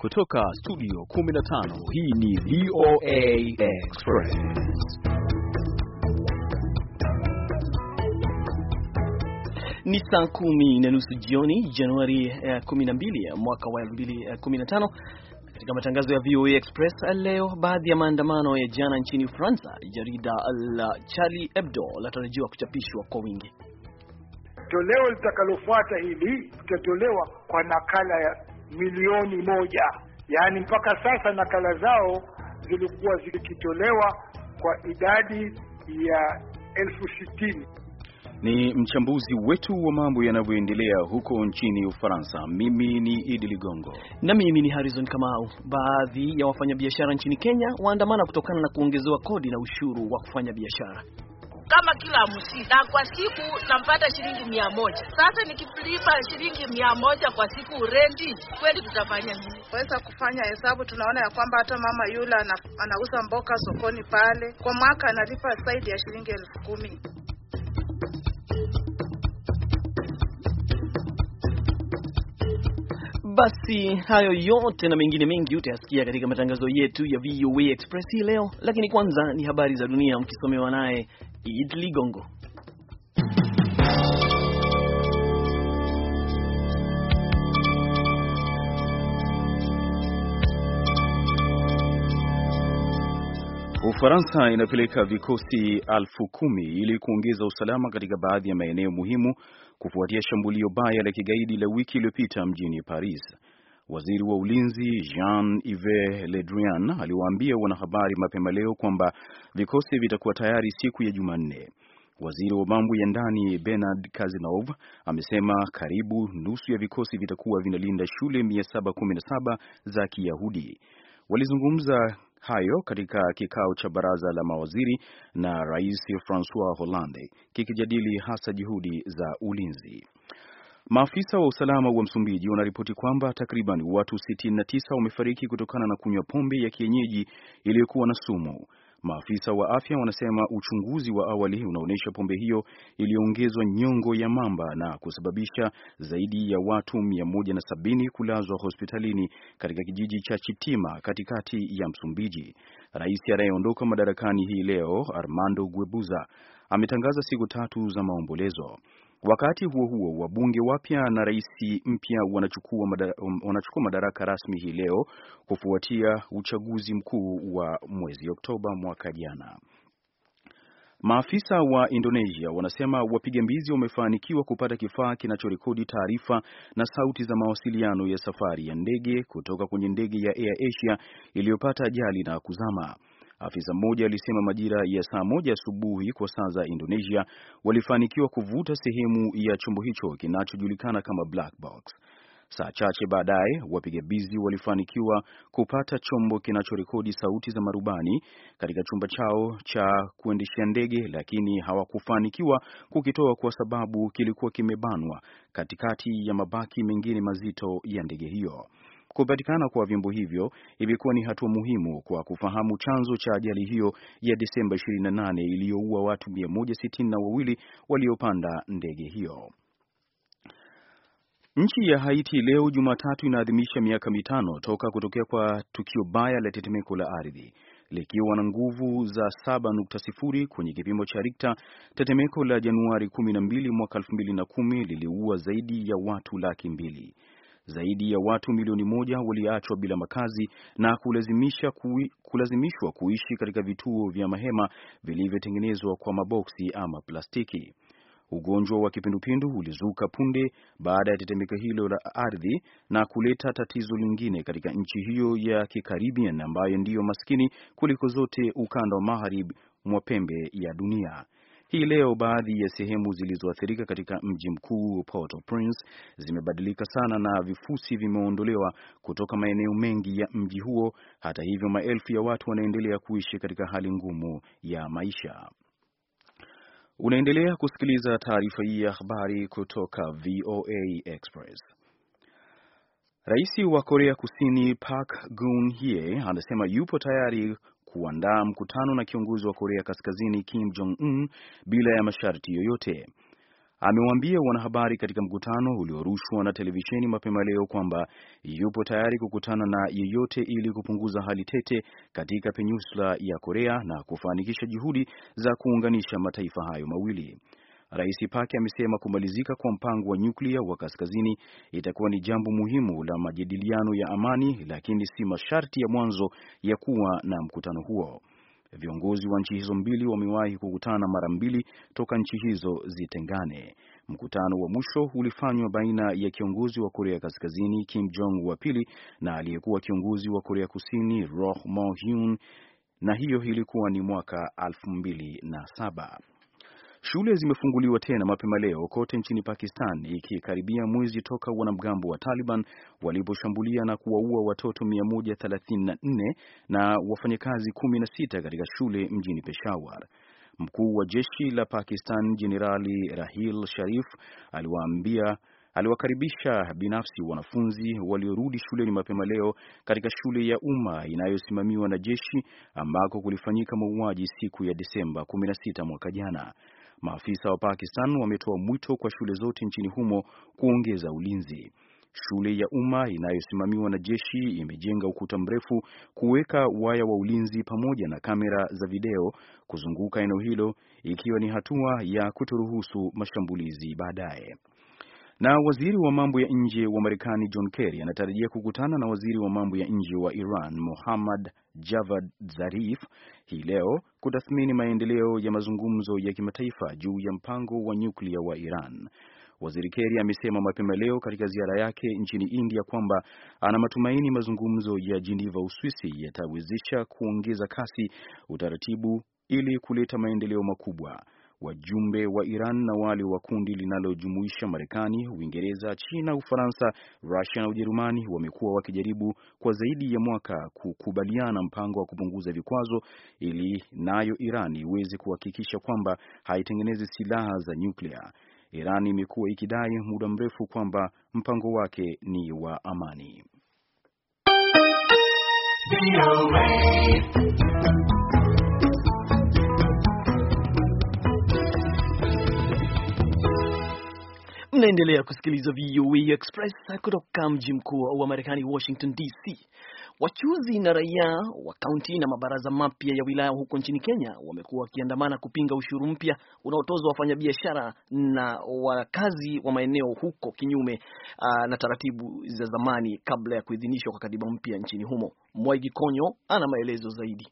Kutoka studio 15 hii ni VOA Express. Ni saa kumi na nusu jioni Januari 12 eh, eh, mwaka wa 2015. Eh, Katika matangazo ya VOA Express leo, baadhi ya maandamano ya jana nchini Ufaransa, jarida la Charlie Hebdo latarajiwa kuchapishwa kwa wingi toleo litakalofuata hili litatolewa kwa nakala ya milioni moja. Yaani mpaka sasa nakala zao zilikuwa zikitolewa kwa idadi ya elfu sitini. Ni mchambuzi wetu wa mambo yanavyoendelea huko nchini Ufaransa. Mimi ni Idi Ligongo na mimi ni Harrison Kamau. Baadhi ya wafanyabiashara nchini Kenya waandamana kutokana na kuongezewa kodi na ushuru wa kufanya biashara kama kila hamsini, na kwa siku nampata shilingi mia moja. Sasa nikilipa shilingi mia moja kwa siku rendi kweli tutafanya nini? Weza kufanya hesabu, tunaona ya kwamba hata mama yule anauza mboka sokoni pale, kwa mwaka analipa zaidi ya shilingi elfu kumi. Basi hayo yote na mengine mengi utayasikia katika matangazo yetu ya VOA Express hii leo, lakini kwanza ni habari za dunia mkisomewa naye Idi Ligongo. Ufaransa inapeleka vikosi elfu kumi ili kuongeza usalama katika baadhi ya maeneo muhimu kufuatia shambulio baya la kigaidi la wiki iliyopita mjini Paris. Waziri wa ulinzi Jean Yves Le Drian aliwaambia wanahabari mapema leo kwamba vikosi vitakuwa tayari siku ya Jumanne. Waziri wa mambo ya ndani Bernard Kazinov amesema karibu nusu ya vikosi vitakuwa vinalinda shule 717 za Kiyahudi. Walizungumza hayo katika kikao cha baraza la mawaziri na Rais Francois Hollande kikijadili hasa juhudi za ulinzi. Maafisa wa usalama wa Msumbiji wanaripoti kwamba takriban watu 69 wamefariki kutokana na kunywa pombe ya kienyeji iliyokuwa na sumu. Maafisa wa afya wanasema uchunguzi wa awali unaonyesha pombe hiyo iliyoongezwa nyongo ya mamba na kusababisha zaidi ya watu 170 kulazwa hospitalini katika kijiji cha Chitima katikati ya Msumbiji. Rais anayeondoka madarakani hii leo Armando Guebuza ametangaza siku tatu za maombolezo. Wakati huo huo, wabunge wapya na rais mpya wanachukua, madara, um, wanachukua madaraka rasmi hii leo kufuatia uchaguzi mkuu wa mwezi Oktoba mwaka jana. Maafisa wa Indonesia wanasema wapiga mbizi wamefanikiwa kupata kifaa kinachorekodi taarifa na sauti za mawasiliano ya safari ya ndege kutoka kwenye ndege ya Air Asia iliyopata ajali na kuzama. Afisa mmoja alisema majira ya saa moja asubuhi kwa saa za Indonesia walifanikiwa kuvuta sehemu ya chombo hicho kinachojulikana kama black box. Saa chache baadaye wapiga bizi walifanikiwa kupata chombo kinachorekodi sauti za marubani katika chumba chao cha kuendeshea ndege, lakini hawakufanikiwa kukitoa kwa sababu kilikuwa kimebanwa katikati ya mabaki mengine mazito ya ndege hiyo. Kupatikana kwa vyombo hivyo imekuwa ni hatua muhimu kwa kufahamu chanzo cha ajali hiyo ya Desemba 28 iliyoua watu 162 waliopanda ndege hiyo. Nchi ya Haiti leo Jumatatu inaadhimisha miaka mitano toka kutokea kwa tukio baya la tetemeko la ardhi likiwa na nguvu za 7.0 kwenye kipimo cha Richter. Tetemeko la Januari 12 mwaka 2010 liliua zaidi ya watu laki mbili zaidi ya watu milioni moja waliachwa bila makazi na kulazimisha kui, kulazimishwa kuishi katika vituo vya mahema vilivyotengenezwa kwa maboksi ama plastiki. Ugonjwa wa kipindupindu ulizuka punde baada ya tetemeko hilo la ardhi na kuleta tatizo lingine katika nchi hiyo ya Kikaribian ambayo ndiyo maskini kuliko zote ukanda wa magharibi mwa pembe ya dunia. Hii leo baadhi ya sehemu zilizoathirika katika mji mkuu Port-au-Prince zimebadilika sana na vifusi vimeondolewa kutoka maeneo mengi ya mji huo. Hata hivyo, maelfu ya watu wanaendelea kuishi katika hali ngumu ya maisha. Unaendelea kusikiliza taarifa hii ya habari kutoka VOA Express. Rais wa Korea Kusini Park Geun-hye anasema yupo tayari kuandaa mkutano na kiongozi wa Korea Kaskazini Kim Jong Un bila ya masharti yoyote. Amewaambia wanahabari katika mkutano uliorushwa na televisheni mapema leo kwamba yupo tayari kukutana na yeyote ili kupunguza hali tete katika peninsula ya Korea na kufanikisha juhudi za kuunganisha mataifa hayo mawili. Rais Park amesema kumalizika kwa mpango wa nyuklia wa kaskazini itakuwa ni jambo muhimu la majadiliano ya amani, lakini si masharti ya mwanzo ya kuwa na mkutano huo. Viongozi wa nchi hizo mbili wamewahi kukutana mara mbili toka nchi hizo zitengane. Mkutano wa mwisho ulifanywa baina ya kiongozi wa Korea Kaskazini Kim Jong wa pili na aliyekuwa kiongozi wa Korea Kusini Roh Moo-hyun, na hiyo ilikuwa ni mwaka 2007. Shule zimefunguliwa tena mapema leo kote nchini Pakistan ikikaribia mwezi toka wanamgambo wa Taliban waliposhambulia na kuwaua watoto 134 na wafanyakazi 16 katika shule mjini Peshawar. Mkuu wa jeshi la Pakistan Jenerali Rahil Sharif aliwaambia aliwakaribisha binafsi wanafunzi waliorudi shuleni mapema leo katika shule ya umma inayosimamiwa na jeshi ambako kulifanyika mauaji siku ya Desemba 16 mwaka jana. Maafisa wa Pakistan wametoa mwito kwa shule zote nchini humo kuongeza ulinzi. Shule ya umma inayosimamiwa na jeshi imejenga ukuta mrefu, kuweka waya wa ulinzi pamoja na kamera za video kuzunguka eneo hilo, ikiwa ni hatua ya kutoruhusu mashambulizi baadaye. Na waziri wa mambo ya nje wa Marekani John Kerry anatarajia kukutana na waziri wa mambo ya nje wa Iran Mohammad Javad Zarif hii leo kutathmini maendeleo ya mazungumzo ya kimataifa juu ya mpango wa nyuklia wa Iran. Waziri Kerry amesema mapema leo katika ziara yake nchini India kwamba ana matumaini mazungumzo ya Geneva, Uswisi yatawezesha kuongeza kasi utaratibu ili kuleta maendeleo makubwa wajumbe wa Iran na wale wa kundi linalojumuisha Marekani, Uingereza, China, Ufaransa, Rusia na Ujerumani wamekuwa wakijaribu kwa zaidi ya mwaka kukubaliana mpango wa kupunguza vikwazo ili nayo Iran iweze kuhakikisha kwamba haitengenezi silaha za nyuklia. Iran imekuwa ikidai muda mrefu kwamba mpango wake ni wa amani. Mnaendelea kusikiliza VOA Express kutoka mji mkuu wa Marekani, Washington DC. Wachuuzi na raia wa kaunti na mabaraza mapya ya wilaya huko nchini Kenya wamekuwa wakiandamana kupinga ushuru mpya unaotozwa wafanyabiashara na wakazi wa maeneo huko, kinyume uh, na taratibu za zamani kabla ya kuidhinishwa kwa katiba mpya nchini humo. Mwaigi Konyo ana maelezo zaidi.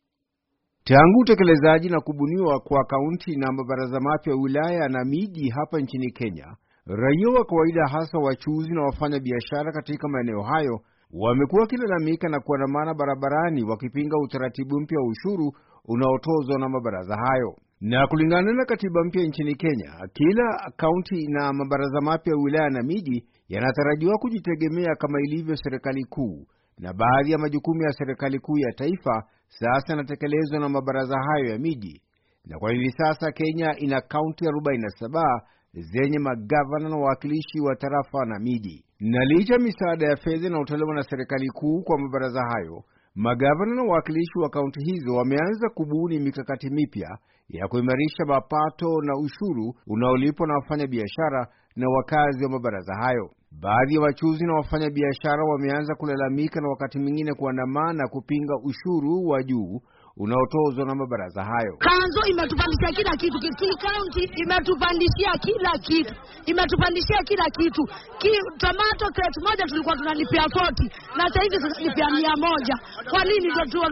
Tangu utekelezaji na kubuniwa kwa kaunti na mabaraza mapya ya wilaya na miji hapa nchini Kenya Raia wa kawaida, hasa wachuuzi na wafanya biashara katika maeneo hayo, wamekuwa wakilalamika na kuandamana barabarani wakipinga utaratibu mpya wa ushuru unaotozwa na mabaraza hayo. Na kulingana na katiba mpya nchini Kenya, kila kaunti na mabaraza mapya ya wilaya na miji yanatarajiwa kujitegemea kama ilivyo serikali kuu, na baadhi ya majukumu ya serikali kuu ya taifa sasa yanatekelezwa na mabaraza hayo ya miji. Na kwa hivi sasa Kenya ina kaunti 47 zenye magavana na wawakilishi wa tarafa na miji. Na licha misaada ya fedha inayotolewa na serikali kuu kwa mabaraza hayo, magavana na wawakilishi wa kaunti hizo wameanza kubuni mikakati mipya ya kuimarisha mapato na ushuru unaolipwa na wafanyabiashara na wakazi wa mabaraza hayo. Baadhi ya wachuzi na wafanyabiashara wameanza kulalamika na wakati mwingine kuandamana kupinga ushuru wa juu unaotozwa na mabaraza hayo. Kanzo imetupandishia kila kitu, Kitui County imetupandishia kila kitu, imetupandishia kila kitu ki, tomato crate moja tulikuwa tunalipia 40 na sasa hivi tunalipia mia moja. Kwa nini?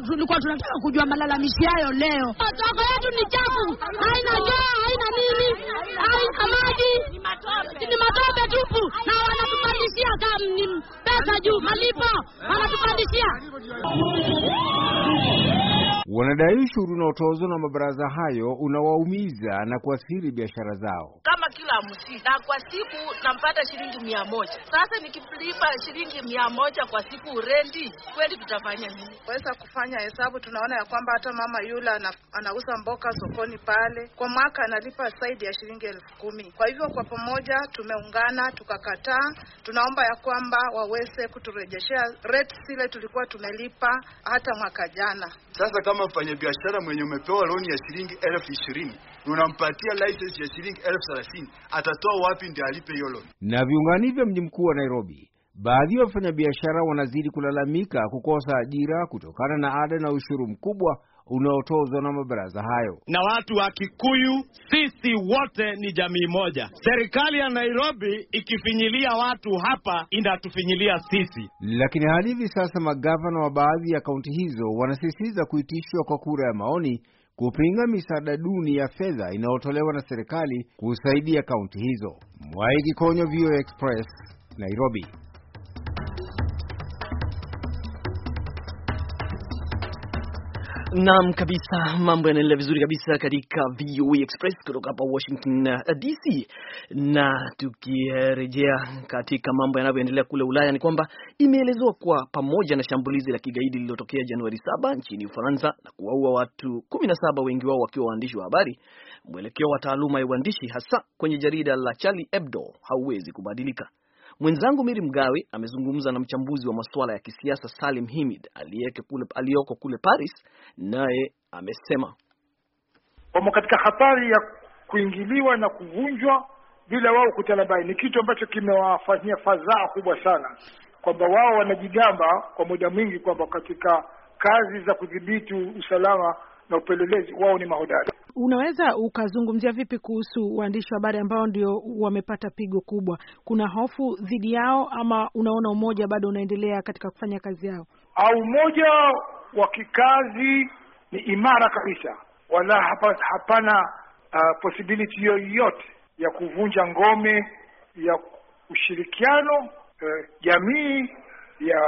Tulikuwa tunataka kujua malalamishi hayo leo. Toko yetu ni chafu, haina joa, haina nini, haina maji, ni matope tupu, na wanatupandishia pesa juu malipo, wanatupandishia wanadai ushuru unaotozwa na mabaraza hayo unawaumiza na kuathiri biashara zao. Kama kila msi, na kwa siku nampata shilingi mia moja. Sasa nikilipa shilingi mia moja kwa siku urendi, kweli tutafanya nini? Kuweza kufanya hesabu, tunaona ya kwamba hata mama yule anauza mboka sokoni pale, kwa mwaka analipa zaidi ya shilingi elfu kumi. Kwa hivyo kwa pamoja tumeungana tukakataa, tunaomba ya kwamba waweze kuturejeshea rate zile tulikuwa tumelipa hata mwaka jana. Sasa kama mfanyabiashara mwenye umepewa loni ya shilingi elfu ishirini unampatia license ya shilingi elfu thelathini atatoa wapi ndio alipe hiyo loan? Na viungani vya mji mkuu wa Nairobi, baadhi ya wafanyabiashara wanazidi kulalamika kukosa ajira kutokana na ada na ushuru mkubwa unaotozwa na mabaraza hayo. Na watu wa Kikuyu, sisi wote ni jamii moja. Serikali ya Nairobi ikifinyilia watu hapa, inatufinyilia sisi. Lakini hadi hivi sasa magavana wa baadhi ya kaunti hizo wanasisitiza kuitishwa kwa kura ya maoni kupinga misaada duni ya fedha inayotolewa na serikali kusaidia kaunti hizo. Mwaiki Konyo, VOA Express, Nairobi. Naam kabisa, mambo yanaendelea vizuri kabisa katika VOA Express kutoka hapa Washington uh, DC. Na tukirejea katika mambo yanavyoendelea kule Ulaya, ni kwamba imeelezwa kwa pamoja na shambulizi la kigaidi lililotokea Januari 7 nchini Ufaransa na kuwaua watu 17, wengi wao wakiwa waandishi wa habari, mwelekeo wa taaluma ya uandishi hasa kwenye jarida la Charlie Hebdo hauwezi kubadilika. Mwenzangu Miri Mgawe amezungumza na mchambuzi wa masuala ya kisiasa Salim Himid aliyoko kule Paris, naye amesema wamo katika hatari ya kuingiliwa na kuvunjwa bila wao kutalabai. Ni kitu ambacho kimewafanyia fadhaa kubwa sana, kwamba wao wanajigamba kwa muda mwingi kwamba katika kazi za kudhibiti usalama na upelelezi wao ni mahodari. Unaweza ukazungumzia vipi kuhusu waandishi wa habari ambao ndio wamepata pigo kubwa? Kuna hofu dhidi yao ama unaona umoja bado unaendelea katika kufanya kazi yao? Au umoja wa kikazi ni imara kabisa, wala hapa, hapana uh, possibility yoyote ya kuvunja ngome ya ushirikiano eh, jamii uh, ya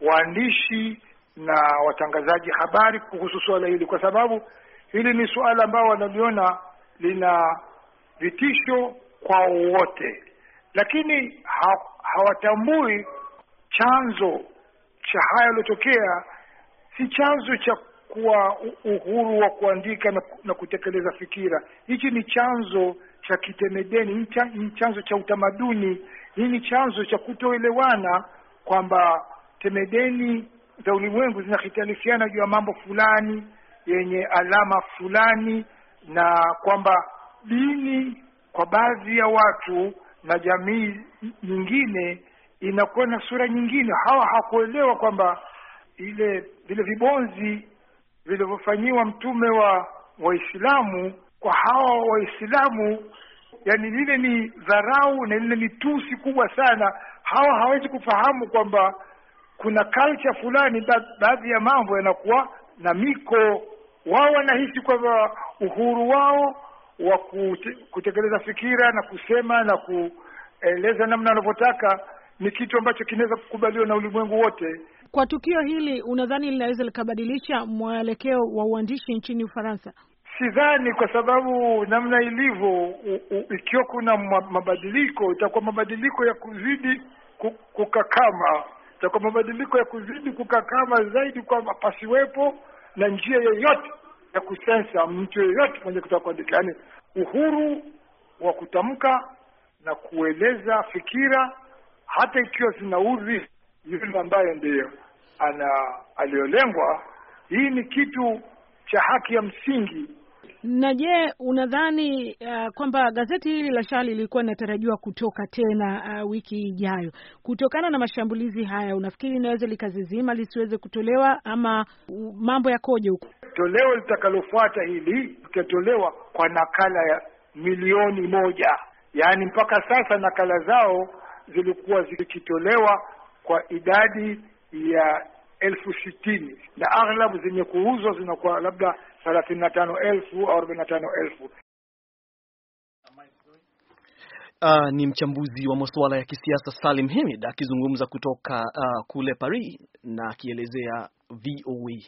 waandishi na watangazaji habari kuhusu suala hili, kwa sababu hili ni suala ambao wanaliona lina vitisho kwa wote, lakini ha hawatambui chanzo cha haya yaliyotokea si chanzo cha kuwa uhuru wa kuandika na, na kutekeleza fikira. Hichi ni chanzo cha kitemedeni, ni chanzo cha utamaduni, hii ni chanzo cha kutoelewana kwamba temedeni za ulimwengu zinahitilafiana juu ya mambo fulani yenye alama fulani, na kwamba dini kwa baadhi ya watu na jamii nyingine inakuwa na sura nyingine. Hawa hakuelewa kwamba ile vile vibonzi vilivyofanyiwa mtume wa Waislamu kwa hawa Waislamu, yani lile ni dharau na lile ni tusi kubwa sana. Hawa hawezi kufahamu kwamba kuna culture fulani baadhi ya mambo yanakuwa na miko. Wao wanahisi kwamba uhuru wao wa kutekeleza fikira na kusema na kueleza namna wanavyotaka ni kitu ambacho kinaweza kukubaliwa na ulimwengu wote. Kwa tukio hili, unadhani linaweza likabadilisha mwelekeo wa uandishi nchini Ufaransa? Sidhani, kwa sababu namna ilivyo, ikiwa kuna mabadiliko itakuwa mabadiliko ya kuzidi kukakama na kwa mabadiliko ya kuzidi kukakama zaidi kwamba pasiwepo na njia yoyote ya kusensa mtu yoyote mwenye kutaka kuandika, yaani uhuru wa kutamka na kueleza fikira, hata ikiwa zinaudhi yule ambaye ndiyo ana aliyolengwa. Hii ni kitu cha haki ya msingi na je, unadhani uh, kwamba gazeti hili la Shah lilikuwa linatarajiwa kutoka tena uh, wiki ijayo kutokana na mashambulizi haya? Unafikiri inaweza likazizima lisiweze kutolewa ama mambo yakoje huko? Toleo litakalofuata hili litatolewa kwa nakala ya milioni moja. Yaani mpaka sasa nakala zao zilikuwa zikitolewa kwa idadi ya elfu sitini na aghlabu zenye kuuzwa zinakuwa labda thelathini na tano elfu au arobaini na tano elfu. Uh, ni mchambuzi wa masuala ya kisiasa Salim Hemid akizungumza kutoka uh, kule Paris na akielezea VOA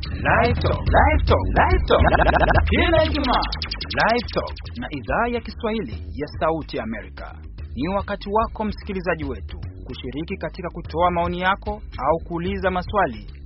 kila Ijumaa Live Talk na idhaa ya Kiswahili ya Sauti Amerika. Ni wakati wako msikilizaji wetu kushiriki katika kutoa maoni yako au kuuliza maswali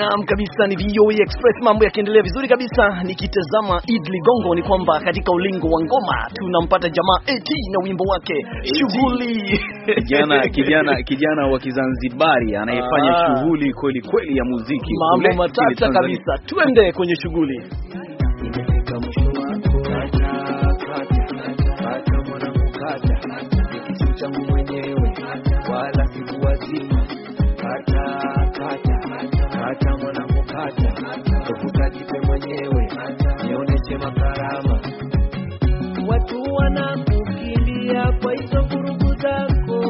Naam kabisa, ni VOA Express, mambo yakiendelea vizuri kabisa. Nikitazama Idli Ligongo, ni kwamba katika ulingo wa ngoma tunampata jamaa AT na wimbo wake shughuli. Kijana kijana kijana wa Kizanzibari anayefanya ah. shughuli kweli kweli ya muziki, mambo matata kabisa. Twende kwenye shughuli hata tafuta mwenyewe nioneshe makarama. Watu wanakukimbia kwa hizo vurugu zako,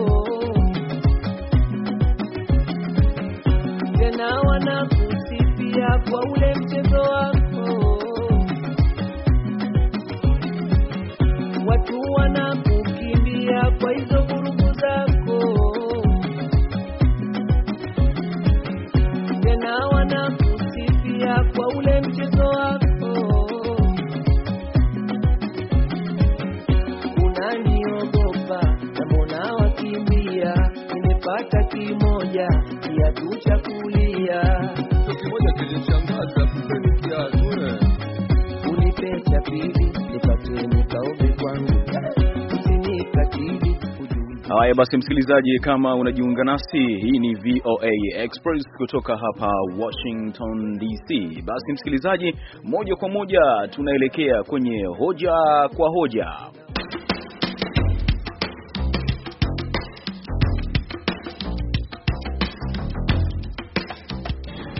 tena wanakusifia kwa ule mchezo wako basi msikilizaji, kama unajiunga nasi, hii ni VOA Express kutoka hapa Washington DC. Basi msikilizaji, moja kwa moja tunaelekea kwenye hoja kwa hoja.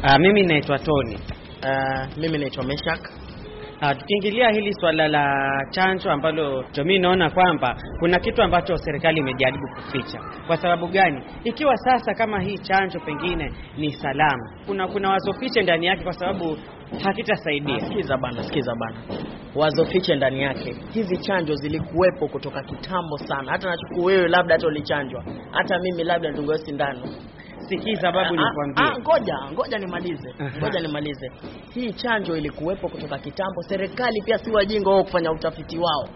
Uh, mimi naitwa Tony. Uh, mimi naitwa Meshak Uh, tukiingilia hili swala la chanjo ambalo jamii inaona kwamba kuna kitu ambacho serikali imejaribu kuficha. Kwa sababu gani? Ikiwa sasa kama hii chanjo pengine ni salama, kuna kuna wazo fiche ndani yake, kwa sababu hakitasaidia. Ah, sikiza bana, sikiza bana, wazo fiche ndani yake. Hizi chanjo zilikuwepo kutoka kitambo sana, hata nachukua wewe, labda hata ulichanjwa, hata mimi labda ndugu sindano Sikiza babu, ah, ah, nikwambie. Ah, ngoja ngoja nimalize, ngoja nimalize. Hii chanjo ilikuwepo kutoka kitambo. Serikali pia si wajinga wao kufanya utafiti wao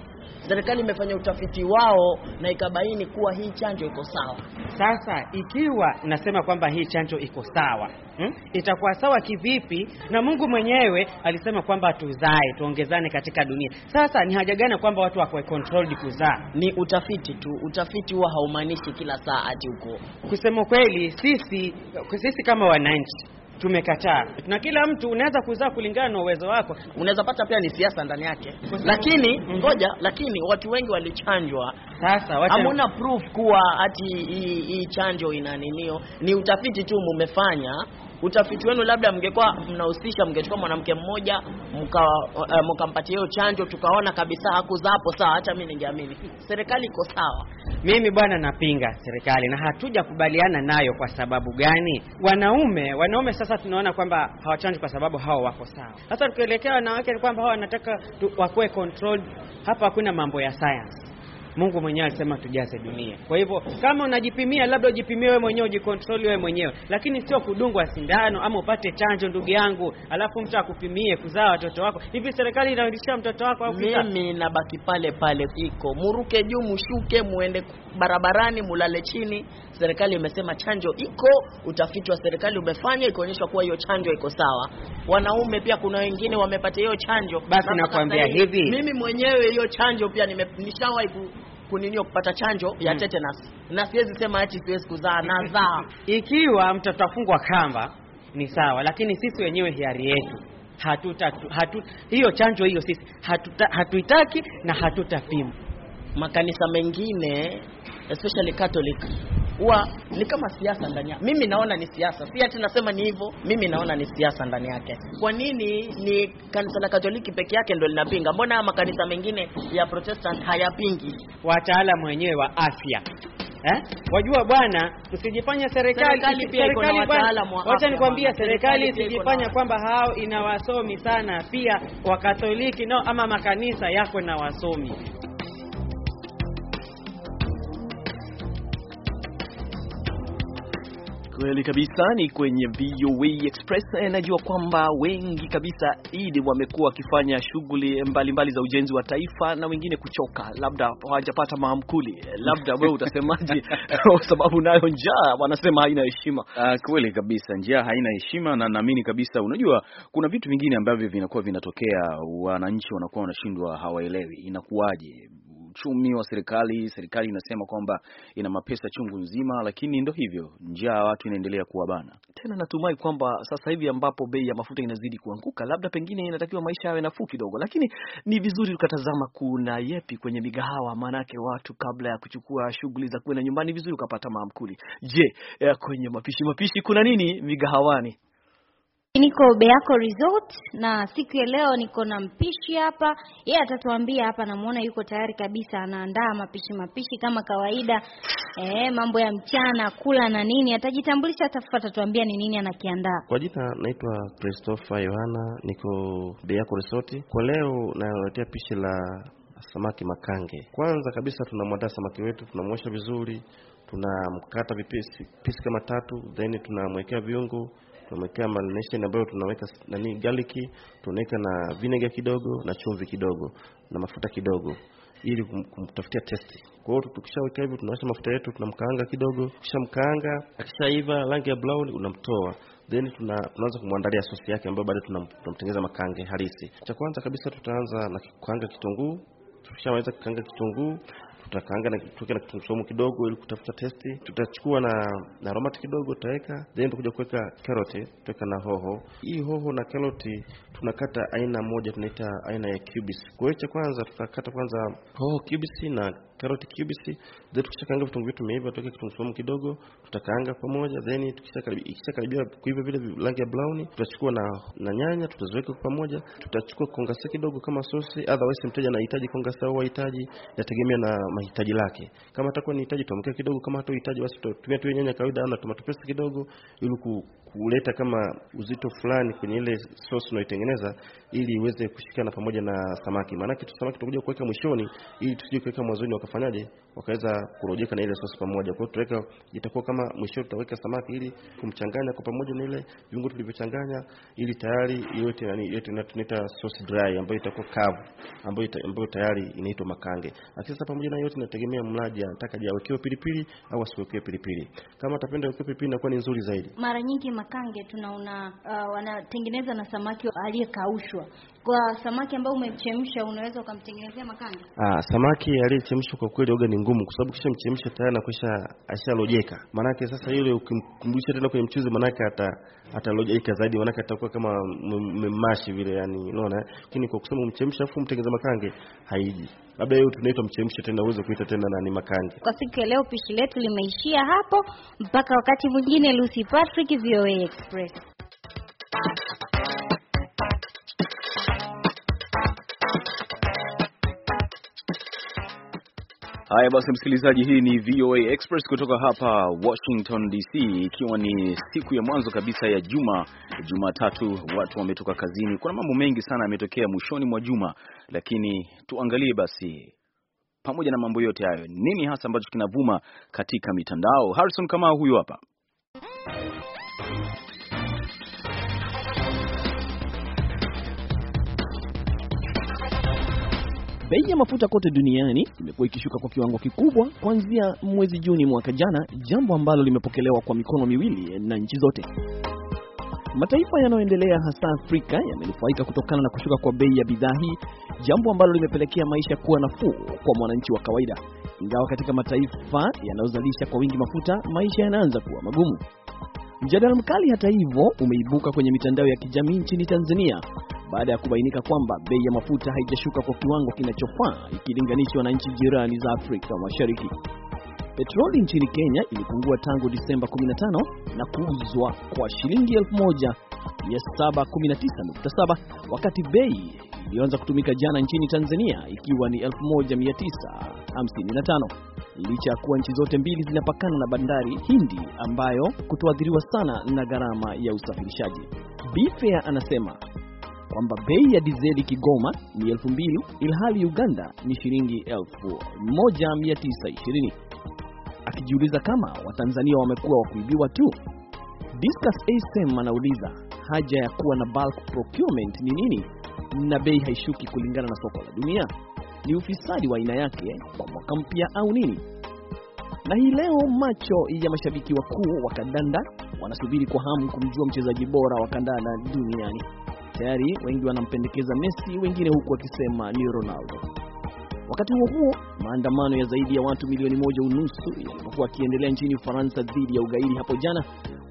serikali imefanya utafiti wao na ikabaini kuwa hii chanjo iko sawa. Sasa ikiwa nasema kwamba hii chanjo iko sawa hmm, itakuwa sawa kivipi? Na Mungu mwenyewe alisema kwamba tuzae tuongezane katika dunia. Sasa ni haja gani kwamba watu wako controlled kuzaa? Ni utafiti tu, utafiti huwa haumaanishi kila saa ati uko. Kusema kweli, sisi sisi kama wananchi tumekataa. Na kila mtu unaweza kuzaa kulingana na uwezo wako, unaweza pata pia ni siasa ndani yake, lakini mm-hmm. ngoja mm -hmm. Lakini watu wengi walichanjwa, sasa hamuna proof kuwa ati hii chanjo ina ninio, ni utafiti tu mumefanya utafiti wenu labda mngekuwa mnahusisha, mngechukua mwanamke mmoja eh, mkampatia hiyo chanjo, tukaona kabisa hakuzapo sawa, hata mimi ningeamini serikali iko sawa. Mimi bwana, napinga serikali na hatujakubaliana nayo. Kwa sababu gani? Wanaume wanaume sasa tunaona kwamba hawachanji kwa sababu hao wako sawa. Sasa tukielekea wanawake ni kwamba hao wanataka wakuwe control Hapa hakuna mambo ya science. Mungu mwenyewe alisema tujaze dunia. Kwa hivyo kama unajipimia, labda ujipimie wewe mwenyewe, ujikontroli wewe mwenyewe, lakini sio kudungwa sindano ama upate chanjo, ndugu yangu, alafu mtu akupimie kuzaa watoto wako. Hivi serikali inaridhisha mtoto wako au mimi? Nabaki pale pale iko muruke juu, mushuke, muende barabarani, mulale chini. Serikali imesema chanjo iko, utafiti wa serikali umefanya, ikionyeshwa kuwa hiyo chanjo iko sawa. Wanaume pia kuna wengine wamepata hiyo chanjo, basi nakwambia hivi, mimi mwenyewe hiyo chanjo pia nimeshawahi kuninio kupata chanjo ya hmm. tetanus, na siwezi sema ati siwezi kuzaa, nazaa. Ikiwa mtoto afungwa kamba ni sawa, lakini sisi wenyewe hiari yetu hatuta hatu, hiyo chanjo hiyo sisi hatuitaki hatu na hatutapima. Makanisa mengine especially Catholic huwa ni kama siasa ndani yake. Mimi naona ni siasa, si ati nasema ni hivyo, mimi naona ni siasa ndani yake. Kwa nini ni kanisa la Katoliki peke yake ndio linapinga? Mbona makanisa mengine ya Protestant hayapingi? Wataalamu wenyewe wa afya Eh? Wajua bwana, msijifanye serikali wacha nikwambia, serikali isijifanya kwamba hao ina wasomi sana, pia Wakatoliki no, ama makanisa yako na wasomi. Kweli kabisa, ni kwenye VOA Express. Najua kwamba wengi kabisa idi wamekuwa wakifanya shughuli mbalimbali za ujenzi wa taifa na wengine kuchoka, labda hawajapata maamkuli, labda wewe utasemaje? kwa sababu nayo njaa wanasema haina heshima. Uh, kweli kabisa, njaa haina heshima, na naamini kabisa, unajua kuna vitu vingine ambavyo vinakuwa vinatokea, wananchi wanakuwa wanashindwa, hawaelewi inakuwaje uchumi wa serikali. Serikali inasema kwamba ina mapesa chungu nzima, lakini ndo hivyo, njaa watu inaendelea kuwabana tena. Natumai kwamba sasa hivi ambapo bei ya mafuta inazidi kuanguka, labda pengine inatakiwa maisha yawe nafuu kidogo, lakini ni vizuri tukatazama kuna yepi kwenye migahawa, maanake watu kabla ya kuchukua shughuli za kuenda nyumbani, vizuri ukapata maamkuli. Je, eh, kwenye mapishi mapishi kuna nini migahawani? Niko Beako Resort na siku ya leo niko na mpishi hapa, yeye atatuambia hapa. Namuona yuko tayari kabisa, anaandaa mapishi mapishi kama kawaida. E, mambo ya mchana kula na nini, atajitambulisha, atafuta atatuambia ni nini anakiandaa. Kwa jina naitwa Christopher Yohana, niko Beako Resort. Kwa leo naletea pishi la samaki makange. Kwanza kabisa tunamwandaa samaki wetu, tunamwosha vizuri, tunamkata vipisi pisi kama tatu, then tunamwekea viungo tumekea marination ambayo tunaweka nani garlic, tunaweka na vinegar kidogo na chumvi kidogo na mafuta kidogo ili kumtafutia testi. Kwa hiyo tukishaweka hivyo, tunawasha mafuta yetu, tunamkaanga kidogo, kisha mkaanga, akishaiva rangi ya brown unamtoa, then tuna, tunaanza kumwandalia sosi yake ambayo baadaye tunamtengeza makange halisi. Cha kwanza kabisa tutaanza na kukaanga kitunguu. Tukishaweza kukaanga kitunguu, tutakaanga na tuweke na kitunguu kidogo ili kutafuta testi. Tutachukua na na romati kidogo tutaweka, then tutakuja kuweka karoti, tutaweka na hoho. Hii hoho na karoti tunakata aina moja, tunaita aina ya cubes. Kwa hiyo cha kwanza tutakata kwanza hoho cubes na carrot cubes then tukishakaanga vitungu vyetu tumeiva tuweke kitungu saumu kidogo tutakaanga pamoja then ikishakaribia kuiva vile rangi ya brown tutachukua na, na nyanya tutaziweka pamoja tutachukua kongasa kidogo kama sosi otherwise mteja anahitaji kongasa au hahitaji inategemea na mahitaji lake kama atakuwa anahitaji tutamwekea kidogo kama hata basi tutatumia tu nyanya kawaida na tomato paste kidogo ili ku, kuleta kama uzito fulani kwenye ile sauce unayotengeneza ili iweze kushikana pamoja na samaki maana kitu samaki tutakuja kuweka mwishoni ili tusije kuweka mwanzoni wakafanyaje wakaweza kurojeka na ile sosi pamoja. Kwa hiyo tutaweka itakuwa kama mwisho tutaweka samaki ili kumchanganya kwa pamoja na ile viungo tulivyochanganya, ili tayari yote yani yote tunaita sauce dry ambayo itakuwa kavu ambayo ita, ambayo tayari inaitwa makange. Lakini sasa pamoja na yote tunategemea mlaji anataka je awekewe pilipili au asiwekewe pilipili. Kama atapenda awekewe pilipili inakuwa ni nzuri zaidi. Mara nyingi makange tunaona uh, wanatengeneza na samaki aliyekaushwa. Kwa samaki ambao umechemsha unaweza ukamtengenezea makange? Ah, samaki aliyechemshwa kwa kweli oga ni ngumu, kwa sababu kisha mchemsha tayari nakwisha ashalojeka. Maanake sasa yule ukimkumbusha tena kwenye mchuzi, maanake ata atalojeka zaidi, maanake atakuwa kama mmemashi vile, yani unaona. Lakini kwa kusema mchemsha afu mtengeza makange haiji, labda hiyo tunaitwa mchemsha tena, uweze kuita tena nani makange. Kwa siku ya leo pishi letu limeishia hapo, mpaka wakati mwingine. Lucy Patrick, VOA Express. Haya basi, msikilizaji, hii ni VOA Express kutoka hapa Washington DC, ikiwa ni siku ya mwanzo kabisa ya juma, Jumatatu. Watu wametoka kazini, kuna mambo mengi sana yametokea mwishoni mwa juma, lakini tuangalie basi, pamoja na mambo yote hayo, nini hasa ambacho kinavuma katika mitandao. Harrison Kamau huyu hapa Bei ya mafuta kote duniani imekuwa ikishuka kwa kiwango kikubwa kuanzia mwezi Juni mwaka jana, jambo ambalo limepokelewa kwa mikono miwili na nchi zote. Mataifa yanayoendelea hasa Afrika yamenufaika kutokana na kushuka kwa bei ya bidhaa hii, jambo ambalo limepelekea maisha kuwa nafuu kwa mwananchi wa kawaida. Ingawa katika mataifa yanayozalisha kwa wingi mafuta, maisha yanaanza kuwa magumu. Mjadala mkali hata hivyo umeibuka kwenye mitandao ya kijamii nchini Tanzania baada ya kubainika kwamba bei ya mafuta haijashuka kwa kiwango kinachofaa ikilinganishwa na nchi jirani za Afrika Mashariki. Petroli nchini Kenya ilipungua tangu Disemba 15 na kuuzwa kwa shilingi 1719.7 wakati bei iliyoanza kutumika jana nchini Tanzania ikiwa ni 1955. Licha ya kuwa nchi zote mbili zinapakana na bandari Hindi ambayo kutoathiriwa sana na gharama ya usafirishaji. Bifea anasema kwamba bei ya dizeli Kigoma ni 2000 ilhali Uganda ni shilingi 1920 akijiuliza kama Watanzania wamekuwa wa kuibiwa tu. Discus Asem anauliza haja ya kuwa na bulk procurement ni nini na bei haishuki kulingana na soko la dunia? Ni ufisadi wa aina yake kwa mwaka mpya au nini? Na hii leo macho ya mashabiki wakuu wa kandanda wanasubiri kwa hamu kumjua mchezaji bora wa kandanda duniani. Tayari wengi wanampendekeza Messi, wengine huku wakisema ni Ronaldo. Wakati huo huo, maandamano ya zaidi ya watu milioni moja unusu yalipokuwa akiendelea nchini Ufaransa dhidi ya ugaidi hapo jana,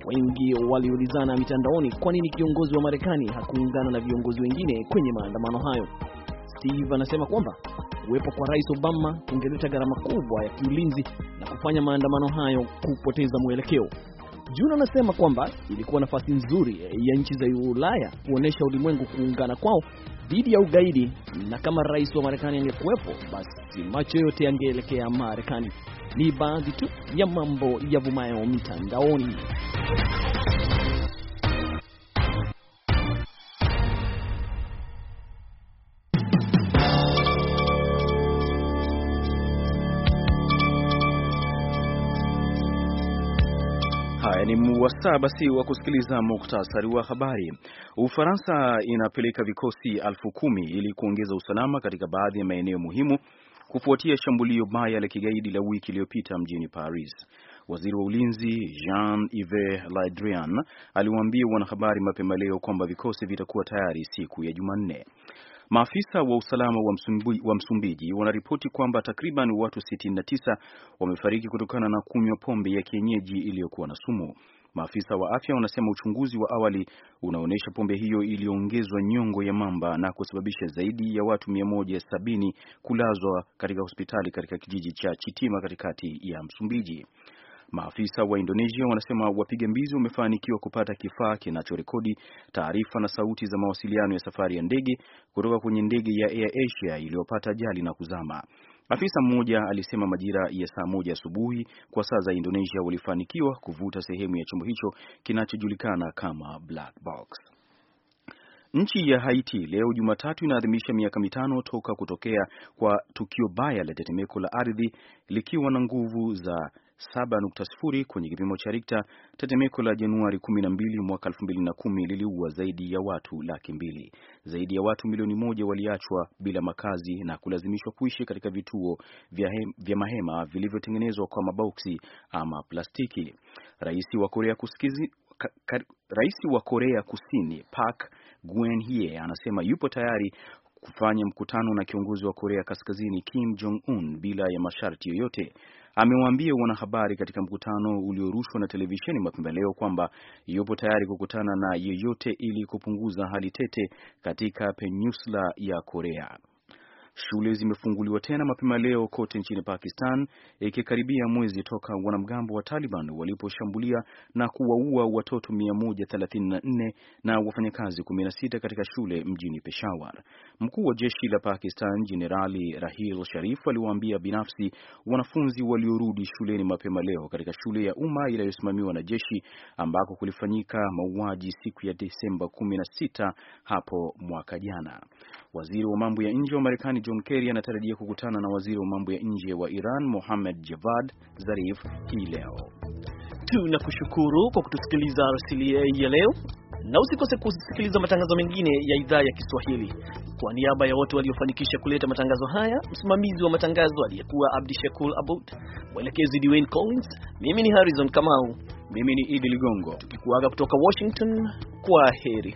wengi waliulizana mitandaoni kwa nini kiongozi wa Marekani hakuungana na viongozi wengine kwenye maandamano hayo. Steve anasema kwamba kuwepo kwa Rais Obama kungeleta gharama kubwa ya kiulinzi na kufanya maandamano hayo kupoteza mwelekeo. Juna anasema kwamba ilikuwa nafasi nzuri ya nchi za Ulaya kuonyesha ulimwengu kuungana kwao dhidi ya ugaidi, na kama rais wa Marekani angekuwepo, basi macho yote yangeelekea Marekani. Ni baadhi tu ya mambo yavumayo mtandaoni. Wasaa basi wa kusikiliza muktasari wa habari. Ufaransa inapeleka vikosi elfu kumi ili kuongeza usalama katika baadhi ya maeneo muhimu kufuatia shambulio baya la kigaidi la wiki iliyopita mjini Paris. Waziri wa ulinzi Jean Yves Le Drian aliwaambia wanahabari mapema leo kwamba vikosi vitakuwa tayari siku ya Jumanne. Maafisa wa usalama wa, Msumbi, wa Msumbiji wanaripoti kwamba takriban watu 69 wamefariki kutokana na kunywa pombe ya kienyeji iliyokuwa na sumu. Maafisa wa afya wanasema uchunguzi wa awali unaonyesha pombe hiyo iliongezwa nyongo ya mamba na kusababisha zaidi ya watu 170 kulazwa katika hospitali katika kijiji cha Chitima katikati ya Msumbiji. Maafisa wa Indonesia wanasema wapiga mbizi wamefanikiwa kupata kifaa kinachorekodi taarifa na sauti za mawasiliano ya safari ya ndege kutoka kwenye ndege ya Air Asia iliyopata ajali na kuzama. Afisa mmoja alisema majira ya saa moja asubuhi kwa saa za Indonesia walifanikiwa kuvuta sehemu ya chombo hicho kinachojulikana kama black box. Nchi ya Haiti leo Jumatatu inaadhimisha miaka mitano toka kutokea kwa tukio baya la tetemeko la ardhi likiwa na nguvu za 7.0 kwenye kipimo cha rikta tetemeko la Januari 12 mwaka 2010 liliua zaidi ya watu laki mbili. Zaidi ya watu milioni moja waliachwa bila makazi na kulazimishwa kuishi katika vituo vya, hem, vya mahema vilivyotengenezwa kwa maboksi ama plastiki. Rais wa Korea kusikizi Rais wa Korea Kusini Park Geun-hye anasema yupo tayari kufanya mkutano na kiongozi wa Korea Kaskazini Kim Jong Un bila ya masharti yoyote amewaambia wanahabari katika mkutano uliorushwa na televisheni mapema leo kwamba yupo tayari kukutana na yeyote ili kupunguza hali tete katika peninsula ya Korea. Shule zimefunguliwa tena mapema leo kote nchini Pakistan ikikaribia mwezi toka wanamgambo wa Taliban waliposhambulia na kuwaua watoto 134 na wafanyakazi 16 katika shule mjini Peshawar. Mkuu wa jeshi la Pakistan Jenerali Rahil Sharif aliwaambia binafsi wanafunzi waliorudi shuleni mapema leo katika shule ya umma inayosimamiwa na jeshi ambako kulifanyika mauaji siku ya Desemba 16 hapo mwaka jana. Waziri wa mambo ya nje wa Marekani John Kerry anatarajia kukutana na waziri wa mambo ya nje wa Iran Mohammad Javad Zarif hii leo. Tunakushukuru kwa kutusikiliza rasili ya leo, na usikose kusikiliza matangazo mengine ya idhaa ya Kiswahili. Kwa niaba ya wote waliofanikisha kuleta matangazo haya, msimamizi wa matangazo aliyekuwa Abdi shakul Abud, mwelekezi Dwayne Collins, mimi ni Harrison Kamau, mimi ni Idi Ligongo, tukikuaga kutoka Washington. Kwa heri.